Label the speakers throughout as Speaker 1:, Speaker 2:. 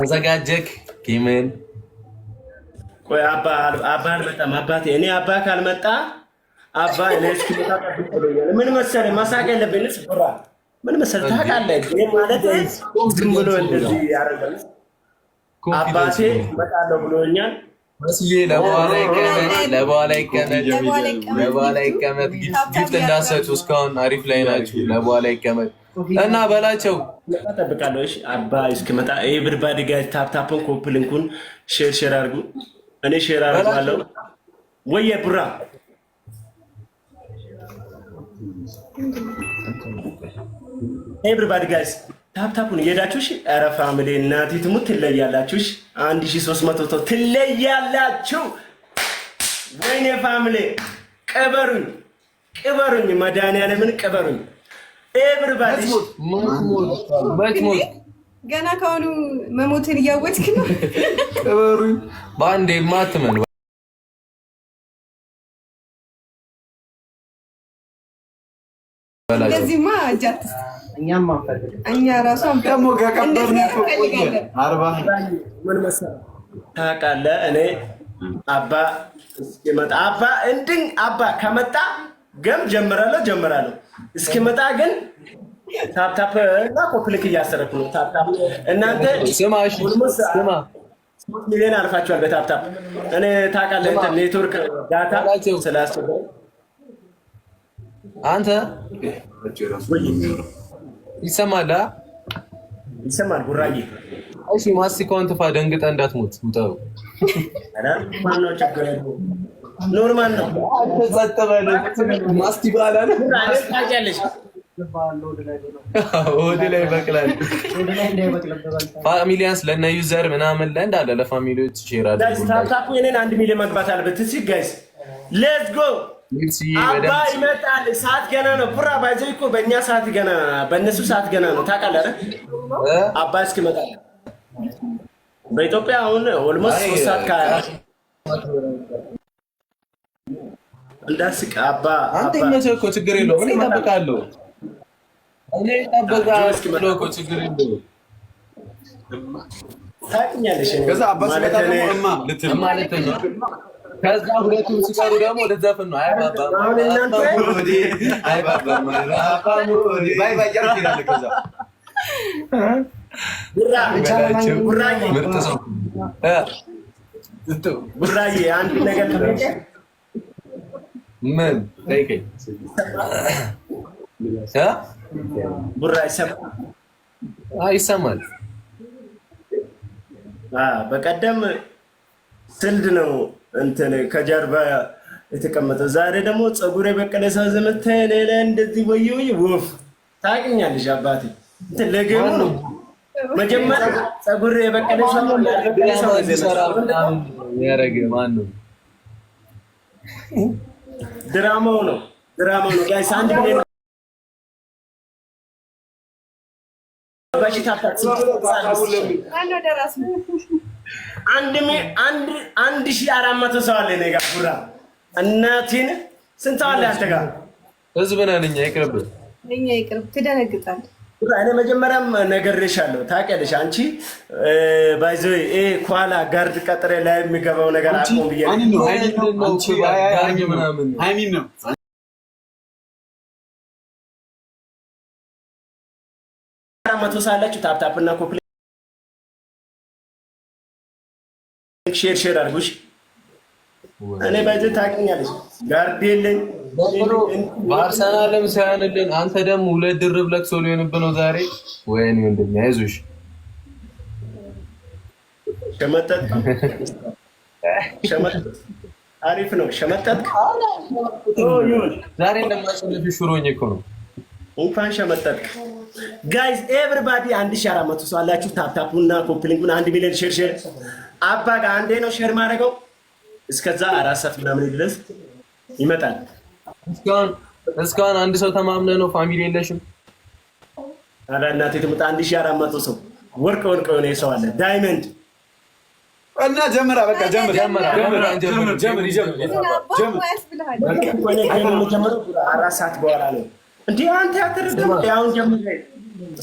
Speaker 1: ተዘጋጀክ ኪምን
Speaker 2: ቆይ አባ አባ አልመጣም። አባቴ እኔ አባ ካልመጣ አባ እኔ እስኪመጣ ጠብቁልኛል። ምን መሰለህ መሳቅ የለብንስ ብራ ምን መሰለህ ታውቃለህ፣ ማለት ዝም ብሎ እንደዚህ ያደርጋል። አባቴ እመጣለሁ ብሎኛል።
Speaker 1: መስዬ ለበኋላ ይቀመጥ፣ ለበኋላ ይቀመጥ፣ ለበኋላ ይቀመጥ። ጊፍት እንዳሰጡ እስካሁን አሪፍ ላይ ናችሁ። ለበኋላ ይቀመጥ እና በላቸው
Speaker 2: ጠብቃለሁ። አባ እስክመጣ ይህ ብርባድ ጋ ታፕታፕን ኮፕልንኩን ሼር ሼር አድርጉ። እኔ ሼር አድርጋለሁ። ወየ ቡራ ይህ ጋይስ ታፕታፑን እየሄዳችሁ ኧረ ፋሚሊ እናቴ ትሙት ትለያላችሁ። አንድ ሺህ ሦስት መቶ ሰው ትለያላችሁ። ወይኔ ፋሚሊ ቅበሩኝ፣ ቅበሩኝ፣ መድኃኒዓለምን ቅበሩኝ።
Speaker 3: ገና ከአሁኑ መሞትን እያወትክ ነው።
Speaker 1: በአንዴ ማትመን
Speaker 3: እንደዚህማ እጃትስ
Speaker 2: እኛ ራሱ
Speaker 1: ታውቃለህ
Speaker 2: እኔ አባ እስኪመጣ አባ እንድን አባ ከመጣ ገም ጀምራለሁ ጀምራለሁ እስኪመጣ ግን ታፕታፕ እና ኮፕልክ እያሰረኩ ነው። ታፕታፕ እናንተ ስማ፣ ሚሊዮን አልፋችኋል በታፕታፕ እኔ ታውቃለህ፣ ኔትወርክ ዳታ ስላስቸገረኝ
Speaker 1: አንተ ይሰማል
Speaker 2: ይሰማል። ጉራጌ
Speaker 1: እሺ፣ ማስቲካውን ትፋ፣ ደንግጠህ እንዳትሞት ምጠሩ
Speaker 2: ነው ችግር ኖርማል ነው።
Speaker 1: ወደ ላይ በቅላል ፋሚሊያንስ ለእነ ዩዘር ምናምን ለእንዳለ ለፋሚሊዎች ይችላል።
Speaker 2: አንድ ሚሊዮን መግባት አለበት። እሺ ጋይስ ሌትስ ጎ። አባ ይመጣል። ሰዓት ገና ነው። ፑራ ባይዘው እኮ በእኛ ሰዓት ገና በእነሱ ሰዓት ገና ነው። ታውቃለህ አባ በኢትዮጵያ አሁን ኦልሞስት ሶስት ሰዓት እንዳስቅ አባ
Speaker 1: አንተኛ ሰው እኮ ችግር የለውም። እኔ እጠብቃለሁ እኔ እጠብቃለሁ እኮ ችግር የለውም። ከዛ አባ ሲመጣ ደግሞ እማ ልትል ከዛ ሁለቱም ሲቀሩ ደግሞ ልትዘፍን ነው።
Speaker 2: ጉራዬ አንድ ነገር
Speaker 1: ምን ጠይቀኝ።
Speaker 2: ቡራ ይሰማል? ይሰማል። በቀደም ስልድ ነው እንትን ከጀርባ የተቀመጠው። ዛሬ ደግሞ ፀጉሬ በቀለ ሳዘመተ ሌላ እንደዚህ ወየ ወየ ወፍ ታውቂኛለሽ አባቴ ለገሙ ነው መጀመሪያ ፀጉሬ በቀለ ሳዘመተ
Speaker 1: ያረገ ማን ነው?
Speaker 2: ድራማው ነው ድራማው ነው ጋይስ። አንድ አንድ አንድ ሺህ አራት መቶ ሰው አለ እኔ ጋር ቡራ እናቴን ስንት ሰው አለ አንተ ጋር
Speaker 1: ህዝብ ነን እኛ ይቅርብ
Speaker 3: እኛ ይቅርብ ትደነግጣለህ
Speaker 2: እኔ መጀመሪያም ነግሬሻለሁ። ታውቂያለሽ አንቺ ባይዘ ኳላ ጋርድ ቀጥረ ላይ የሚገባው ነገር አቆም
Speaker 1: ብዬ ነው።
Speaker 2: መቶ ሳላችሁ ታፕታፕና ኮፕሌ ሼር ሼር አድርጉሽ። እኔ ባይዘ ታውቂኛለሽ ጋርድ የለኝ
Speaker 1: በአርሰናልም ሳይሆንልን አንተ ደግሞ ሁለት ድርብ ለቅሶ ሊሆንብህ ነው ዛሬ። ወይኔ ወንድሜ አይዞሽ።
Speaker 2: አሪፍ ነው። ሸመጠጥ
Speaker 1: ዛሬ እንደማሸነፊ ሽሮኝ እኮ ነው።
Speaker 2: እንኳን ሸመጠጥ ጋይዝ ኤቭሪባዲ አንድ ሺህ አራት መቶ ሰው አላችሁ። ታፕታፑና ኮፕሊንጉን አንድ ሚሊዮን ሼር ሼር አባ ጋር አንዴ ነው ሼር ማድረገው። እስከዛ አራት ሰዓት ምናምን ድረስ ይመጣል።
Speaker 1: እስካሁን አንድ ሰው ተማምነ ነው። ፋሚሊ የለሽም።
Speaker 2: ታዲያ እናቴ ትምጣ። አንድ ሺህ አራት መቶ ሰው ወርቅ ወርቅ የሆነ የሰው አለ ዳይመንድ
Speaker 1: እና ጀምራ በቃ ጀምር
Speaker 2: አራት ሰዓት በኋላ ነው እንዴ? አንተ ያተረደም ያውን ጀምር።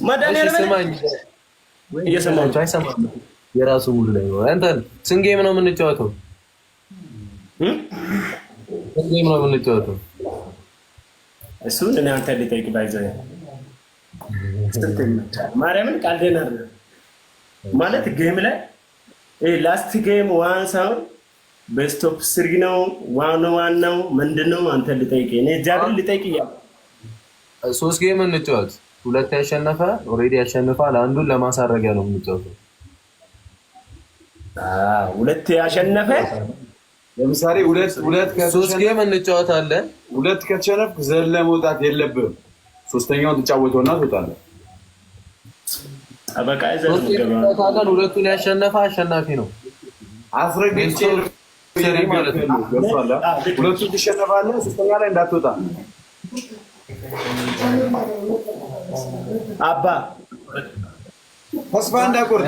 Speaker 2: መድኃኒዓለም
Speaker 1: እየሰማሁህ አይሰማም። የራሱ ሙሉ ላይ ነው። አንተ ስንት ነው የምንጫወተው? ስንጌም ነው የምንጫወተው?
Speaker 2: እሱን እኔ አንተ ልጠይቅ ባይዘ ማርያምን ቃል ደህና ማለት ጌም ላይ ላስት ጌም ዋን ሳይሆን በስቶፕ ስሪ ነው ዋን ዋን ነው ምንድን ነው? አንተ ልጠይቅ እኔ እግዚአብሔር ልጠይቅ እያ
Speaker 1: ሶስት ጌም እንጫወት። ሁለት ያሸነፈ ኦልሬዲ ያሸንፋል። አንዱን ለማሳረጊያ ነው የምንጫወተው።
Speaker 2: ሁለት ያሸነፈ
Speaker 1: ለምሳሌ ሁለት ሁለት ከሶስት ጌም እንጫወታለን። ሁለት ከተሸነፍክ ዘለ መውጣት የለብህም። ሶስተኛውን ትጫወተውና ትወጣለህ። ሁለቱን ያሸነፈ አሸናፊ ነው። አስረግጬ ማለት ነው። ሁለቱን ትሸነፋለህ። ሶስተኛ ላይ እንዳትወጣ
Speaker 2: አባ ተስፋ እንዳቆርጥ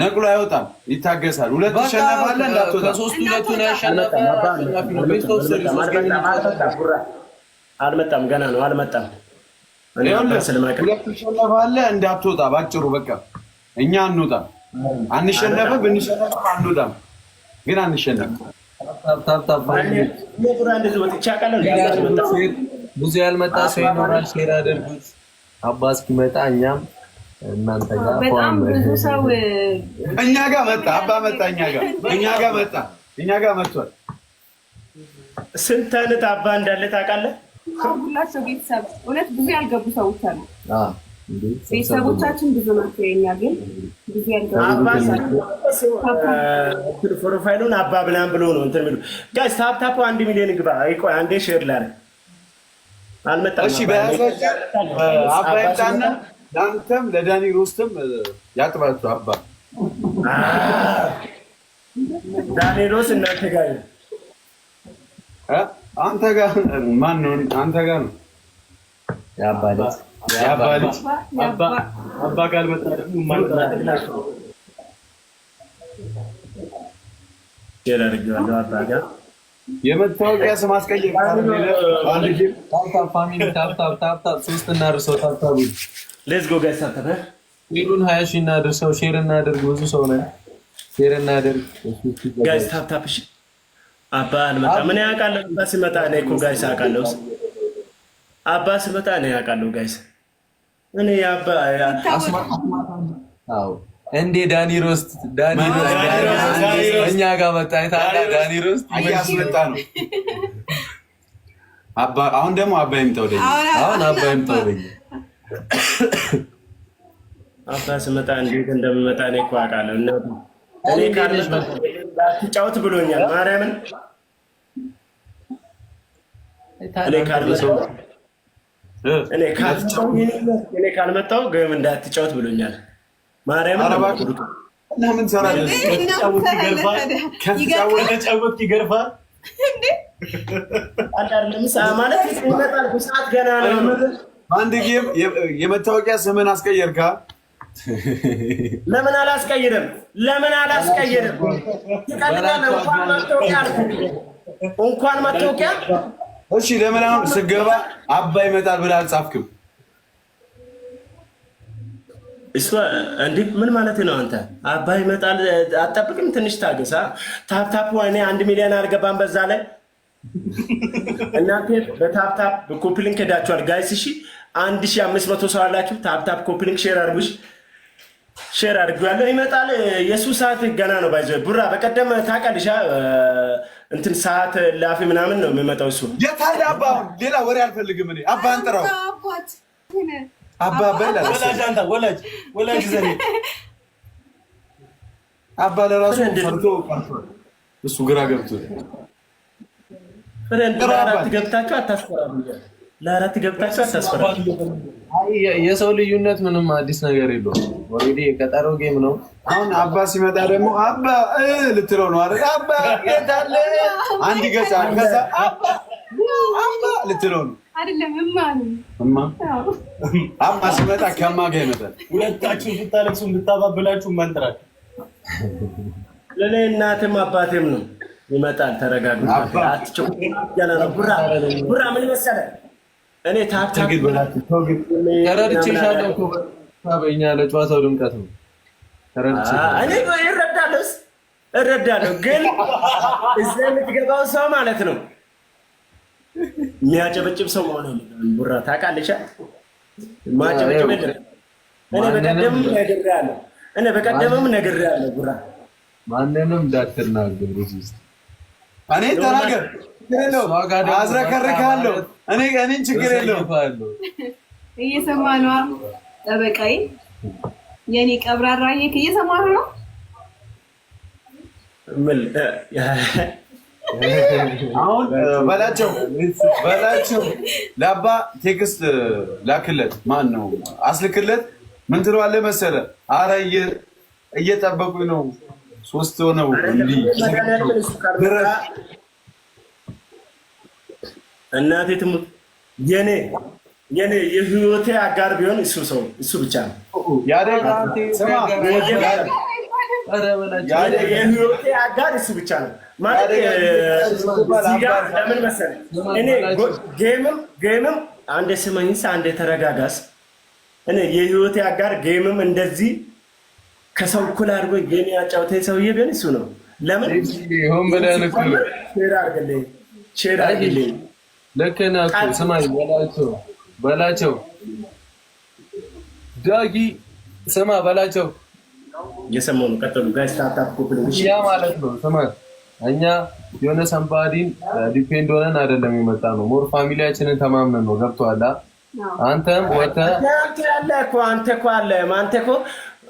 Speaker 1: ነቅሎ አይወጣም፣ ይታገሳል። ሁለት ይሸነፋል። እንዳትወጣ
Speaker 2: ከሶስት ሁለቱን ያሸነፈ አልመጣም። ገና ነው፣ አልመጣም። ሁለቱ ይሸነፋል።
Speaker 1: እንዳትወጣ ባጭሩ፣ በቃ እኛ አንወጣም፣ አንሸነፈ፣ ብንሸነፍ አንወጣም፣ ግን አንሸነፍ። ብዙ ያልመጣ ሰው ይኖራል። ሼር አድርጉት አባ እስኪመጣ እኛም እናንተ
Speaker 3: ጋር በጣም ብዙ ሰው
Speaker 1: እኛ ጋር መጣ። አባ መጣ። እኛ ጋር እኛ ጋር መጣ። እኛ ጋር መጥቷል።
Speaker 2: ስንት አይነት አባ እንዳለ ታውቃለህ?
Speaker 3: ሁላቸው ቤተሰብ እውነት ብዙ ያልገቡ ሰዎች አሉ። ቤተሰቦቻችን ብዙ ናቸው። የኛ ግን
Speaker 2: ብዙ ያልገቡ ፕሮፋይሉን አባ ብላን ብሎ ነው እንትን የሚሉ ጋይስ ታፕታፕ አንድ ሚሊዮን ግባ። ቆይ አንዴ ሼር ላለ አልመጣም። እሺ
Speaker 1: በያዛቸው አባ ይምጣና ለአንተም ለዳኒ ሮስትም ያጥባችሁ አባ
Speaker 2: ዳኒ ሮስ እናንተ ጋር
Speaker 1: አንተ ጋር ማን ነው? አንተ ጋር ነው የአባ ልጅ አባ ጋር የመታወቂያ ስም አስቀየር ሶስት እና ርሶ ታብታቡ ሌዝ ጎ ጋይስ አንተ ነህ ሼሩን ሀያ ሺህ እናድርሰው። ሼር እናደርግ ብዙ ሰው ነን። ሼር እናደርግ ጋይስ ታፕታፕ። እሺ አባ አልመጣም። እኔ አውቃለሁ አባ ሲመጣ። እኔ እኮ ጋይስ አውቃለሁ አባ ሲመጣ። እኔ አውቃለሁ ጋይስ። እኔ አባ እንዴ ዳኒ ሮስት ዳኒ ሮስት እኛ ጋር መጣ። የታለ ዳኒ ሮስት እያስመጣ ነው አባ። አሁን ደግሞ አባ ይምጣው፣ አሁን አባ ይምጣው አባ ስመጣ እንዴት እንደምመጣ እኔ እኮ አውቃለሁ። እናቱ
Speaker 2: እኔ ካለሽ ጫወት ብሎኛል። ማርያምን እኔ ካልመጣሁ ገም እንዳትጫወት ብሎኛል። ማርያምን
Speaker 1: እና ምን ሰራለች? ተጫወት ማለት ይመጣል።
Speaker 2: ሰዓት ገና ነው
Speaker 1: አንድ ጌም የመታወቂያ ስምን አስቀየርካ።
Speaker 2: ለምን አላስቀይርም? ለምን አላስቀይርም? እንኳን መታወቂያ
Speaker 1: እሺ። ለምን አሁን ስገባ አባ ይመጣል ብለህ አልጻፍክም?
Speaker 2: እንዲህ ምን ማለት ነው? አንተ አባ ይመጣል አጠብቅም። ትንሽ ታገሳ። ታፕታፕ እኔ አንድ ሚሊዮን አልገባም በዛ ላይ እናንተ በታፕታፕ ኮፕሊንክ ሄዳችኋል ጋይስ። እሺ አንድ ሺ አምስት መቶ ሰው አላችሁ። ታፕታፕ ኮፕሊንክ ሼር አድርጉሽ፣ ሼር አድርጉ። ያለው ይመጣል። የእሱ ሰዓት ገና ነው። ባይዘ ቡራ በቀደም ታውቃለሽ፣ እንትን ሰዓት ላፊ ምናምን ነው የሚመጣው እሱ።
Speaker 1: የታለ አባ? ሌላ ወሬ አልፈልግም እኔ። አባ አንጥራው አባ በላሽ
Speaker 2: ወላጅ፣ አንተ ወላጅ ወላጅ ዘሬ
Speaker 1: አባ ለራሱ ፈርቶ እሱ ግራ ገብቶ
Speaker 2: ለአራት ገብታችሁ አታስፈራሩ። ለአራት ገብታችሁ አታስፈራሩ።
Speaker 1: የሰው ልዩነት ምንም አዲስ ነገር የለውም። ኦልሬዲ የቀጠሮ ጌም ነው። አሁን አባ ሲመጣ ደግሞ አባ ልትለው ነው አይደል? አባ አንድ ገጽ አባ ልትለው ነው አይደለም? እማ እማ አባ ሲመጣ ከማ ጋር ይመጣል። ሁለታችሁ
Speaker 2: ለእኔ እናትም አባቴም ነው ይመጣል። ተረጋግ ጉራ ምን መሰለ እኔ
Speaker 1: ታታረድቼሻለሁ በኛ ለጨዋታው ድምቀት ነው።
Speaker 2: እኔ እረዳለሁ እረዳለሁ፣ ግን እዛ የምትገባው ሰው ማለት ነው የሚያጨበጭብ ሰው መሆን ቡራ ታውቃለች። ማጨበጭብ የለ እኔ በቀደምም ነግሬያለሁ፣ እኔ በቀደምም ነግሬያለሁ። ጉራ
Speaker 1: ማንንም እንዳትናገሩ ውስጥ እኔ ተናገር ችግር የለውም፣ አዝረከርካለሁ። እኔ እኔን ችግር የለውም።
Speaker 3: እየሰማ ነዋ ጠበቃዬ፣ የኔ ቀብራራዬ እየሰማ ነው።
Speaker 1: አሁን በላቸው በላቸው ለአባ ቴክስት ላክለት፣ ማን ነው አስልክለት። ምን ትለዋለህ መሰለህ? አረ እየጠበቁኝ ነው ሶስት ሆነው እንዲህ
Speaker 2: እናቴ ትሙት የኔ የኔ የህይወቴ አጋር ቢሆን እሱ ሰው እሱ ብቻ ነው። የህይወቴ አጋር እሱ ብቻ ነው ማለት ለምን መሰለህ፣ እኔ ጌምም ጌምም አንዴ ስመኝስ አንዴ ተረጋጋስ። እኔ የህይወቴ አጋር ጌምም እንደዚህ ከሰው እኩል አድርጎ የሚያጫውተ ሰውዬ ቢሆን እሱ ነው። ለምን ሆን ሼር አድርግልኝ።
Speaker 1: ልክ ነህ እኮ ስማኝ፣ በላቸው በላቸው፣ ዳጊ ስማ በላቸው። የሰማሁ ነው። ቀጠሉ ያ ማለት ነው ስማ፣ እኛ የሆነ ሰንባዲን ዲፔንድ uh, ሆነን አይደለም የመጣ ነው። ሞር ፋሚሊያችንን ተማምነን ነው። ገብቶሃል? አንተም ወተህ
Speaker 2: አንተ ያለህ እኮ አንተ እኮ አለ አንተ እኮ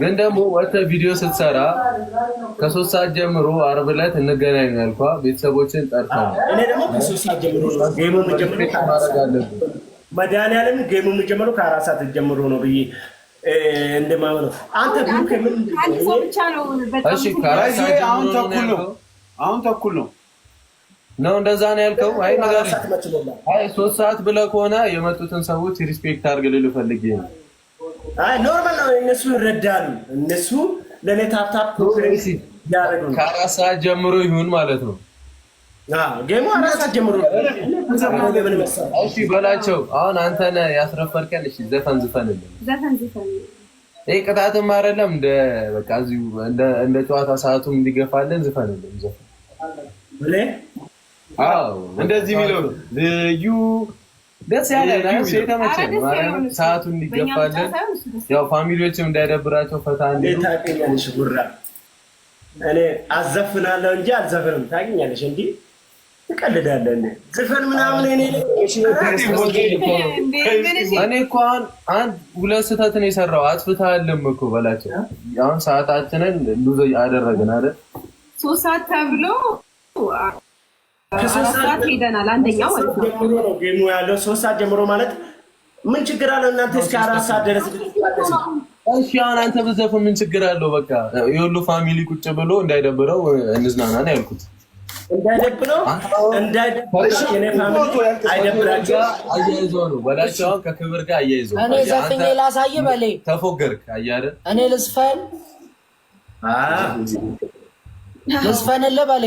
Speaker 1: ግን ደግሞ ወተ ቪዲዮ ስትሰራ ከሶስት ሰዓት ጀምሮ አርብ ዕለት እንገናኝ ያልኳ ቤተሰቦችን ጠርታ
Speaker 2: መድኃኒዓለም ጌሙ የሚጀምረው ከአራት ሰዓት ጀምሮ ነው ብዬ እንደማምነው
Speaker 1: አሁን ተኩል ነው ነው እንደዛ ነው ያልከው። አይ ነገር አይ ሶስት ሰዓት ብለህ ከሆነ የመጡትን ሰዎች ሪስፔክት አድርግ ልልህ ፈልጌ ነው
Speaker 2: አይ ኖርማል ነው። እነሱ ይረዳሉ። እነሱ ለእኔ ታፕታፕ ኮንፈረንስ
Speaker 1: ያደረጉ ከአራት ሰዓት ጀምሮ ይሁን ማለት ነው።
Speaker 2: ጌሙ አራት ሰዓት ጀምሮ
Speaker 1: እሺ በላቸው። አሁን አንተን ያስረፈርከን እሺ፣ ዘፈን ዝፈን። ይህ ቅጣትም አይደለም እንደ በቃ እዚሁ እንደ ጨዋታ ሰዓቱም እንዲገፋለን ዝፈንልን ዘፈን። አዎ እንደዚህ የሚለው ልዩ ደስ ያለ የተመቸ ሰዓቱን እንዲገፋለን ያው ፋሚሊዎችም እንዳይደብራቸው ፈታ
Speaker 2: ታገኛለሽ። ጉራ እኔ አዘፍናለሁ እንጂ አልዘፍንም። ታገኛለሽ እንዲህ ትቀልዳለን ዝፈን ምናምን
Speaker 1: እኔ እኮ አሁን አንድ ሁለት ስህተት ነው የሰራው። አጥፍተሃልም እኮ በላቸው። አሁን ሰዓታችንን ሉዘ አደረግን አይደል
Speaker 3: ሶስት ሰዓት ተብሎ ጌሙ
Speaker 2: ያለው። ሶስት ሰዓት ጀምሮ ማለት ምን ችግር አለው እናንተ? እስከ አራት ሰዓት ድረስ
Speaker 1: እሺ። አሁን አንተ ምን ችግር አለው? በቃ የሁሉ ፋሚሊ ቁጭ ብሎ እንዳይደብረው እንዝናና ነው ያልኩት።
Speaker 2: እንዳይደብረው ከክብር ጋር እኔ
Speaker 3: ላሳይ በሌ
Speaker 1: ተፎገርክ። አያደ
Speaker 3: እኔ በሌ